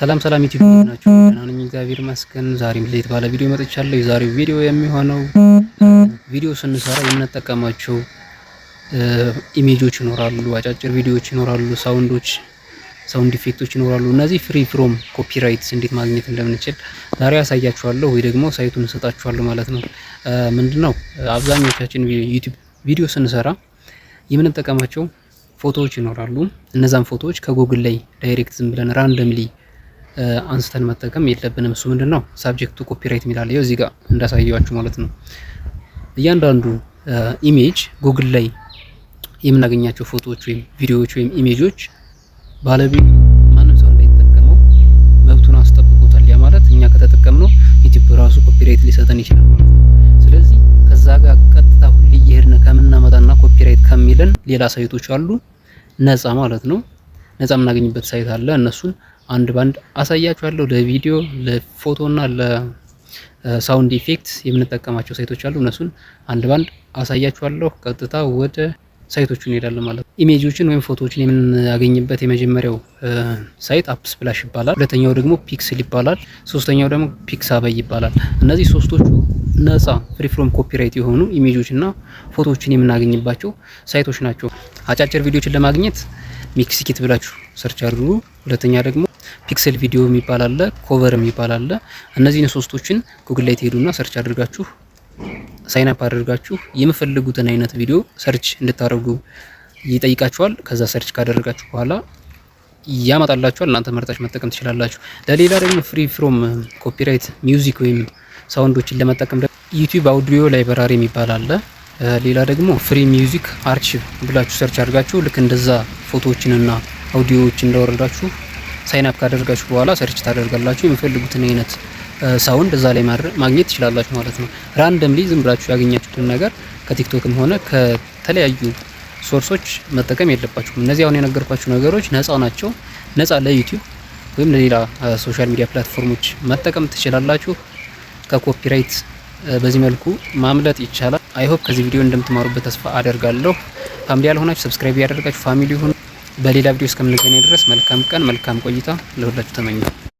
ሰላም ሰላም ዩቲዩብ ናችሁ እናንኝ እግዚአብሔር ይመስገን። ዛሬም ለየት ባለ ቪዲዮ መጥቻለሁ። የዛሬው ቪዲዮ የሚሆነው ቪዲዮ ስንሰራ የምንጠቀማቸው ኢሜጆች ይኖራሉ፣ አጫጭር ቪዲዮዎች ይኖራሉ፣ ሳውንዶች፣ ሳውንድ ኢፌክቶች ይኖራሉ። እነዚህ ፍሪ ፍሮም ኮፒራይትስ እንዴት ማግኘት እንደምንችል ዛሬ አሳያችኋለሁ፣ ወይ ደግሞ ሳይቱን እንሰጣችኋለሁ ማለት ነው። ምንድነው አብዛኞቻችን ዩቲዩብ ቪዲዮ ስንሰራ የምንጠቀማቸው ፎቶዎች ይኖራሉ። እነዛን ፎቶዎች ከጎግል ላይ ዳይሬክት ዝም ብለን ራንደምሊ አንስተን መጠቀም የለብንም። እሱ ምንድን ነው ሳብጀክቱ ኮፒራይት የሚላለ ይኸው እዚህ ጋር እንዳሳየዋችሁ ማለት ነው። እያንዳንዱ ኢሜጅ uh, ጉግል ላይ የምናገኛቸው ፎቶዎች ወይም ቪዲዮዎች ወይም ኢሜጆች ባለቤቱ ማንም ሰው እንዳይጠቀመው መብቱን አስጠብቆታል። ያ ማለት እኛ ከተጠቀምነው ዩቲዩብ ራሱ ኮፒራይት ሊሰጠን ይችላል ማለት ነው። ስለዚህ ከዛ ጋር ቀጥታ ሁሌ እየሄድን ከምናመጣና ኮፒራይት ከሚለን ሌላ ሳይቶች አሉ ነፃ ማለት ነው። ነፃ የምናገኝበት ሳይት አለ እነሱን አንድ ባንድ አሳያችኋለሁ። ለቪዲዮ ለፎቶና ለሳውንድ ኢፌክት የምንጠቀማቸው ሳይቶች አሉ። እነሱን አንድ ባንድ አሳያችኋለሁ። ቀጥታ ወደ ሳይቶቹ እንሄዳለን ማለት ነው። ኢሜጆችን ወይም ፎቶዎችን የምናገኝበት የመጀመሪያው ሳይት አፕስ ፕላሽ ይባላል። ሁለተኛው ደግሞ ፒክስል ይባላል። ሶስተኛው ደግሞ ፒክሳበይ ይባላል። እነዚህ ሶስቶቹ ነጻ ፍሪ ፍሮም ኮፒራይት የሆኑ እና ፎቶዎችን የምናገኝባቸው ሳይቶች ናቸው። አጫጭር ቪዲዮችን ለማግኘት ሚክስኪት ብላችሁ ሰርች አድርጉ። ሁለተኛ ደግሞ ፒክሰል ቪዲዮ የሚባል አለ፣ ኮቨር የሚባል አለ። እነዚህን ሶስቶችን ጉግል ላይ ትሄዱና ሰርች አድርጋችሁ ሳይን አፕ አድርጋችሁ የምፈልጉትን አይነት ቪዲዮ ሰርች እንድታደርጉ ይጠይቃችኋል። ከዛ ሰርች ካደረጋችሁ በኋላ ያመጣላችኋል። እናንተ መርጣችሁ መጠቀም ትችላላችሁ። ለሌላ ደግሞ ፍሪ ፍሮም ኮፒራይት ሚውዚክ ወይም ሳውንዶችን ለመጠቀም ዩቲዩብ አውዲዮ ላይብራሪ የሚባል አለ። ሌላ ደግሞ ፍሪ ሚውዚክ አርቺቭ ብላችሁ ሰርች አድርጋችሁ ልክ እንደዛ ፎቶዎችንና አውዲዮዎችን እንዳወረዳችሁ ሳይን አፕ ካደረጋችሁ በኋላ ሰርች ታደርጋላችሁ። የሚፈልጉትን አይነት ሳውንድ እዛ ላይ ማግኘት ትችላላችሁ ማለት ነው። ራንደምሊ ዝም ብላችሁ ያገኛችሁትን ነገር ከቲክቶክም ሆነ ከተለያዩ ሶርሶች መጠቀም የለባችሁም። እነዚህ አሁን የነገርኳችሁ ነገሮች ነፃ ናቸው። ነፃ ለዩቲዩብ ወይም ለሌላ ሶሻል ሚዲያ ፕላትፎርሞች መጠቀም ትችላላችሁ። ከኮፒራይት በዚህ መልኩ ማምለጥ ይቻላል። አይሆፕ ከዚህ ቪዲዮ እንደምትማሩበት ተስፋ አደርጋለሁ። ፋሚሊ ያልሆናችሁ ሰብስክራይብ ያደርጋችሁ ፋሚሊ ሁኑ። በሌላ ቪዲዮ እስከምንገናኝ ድረስ መልካም ቀን፣ መልካም ቆይታ ለሁላችሁ ተመኘው።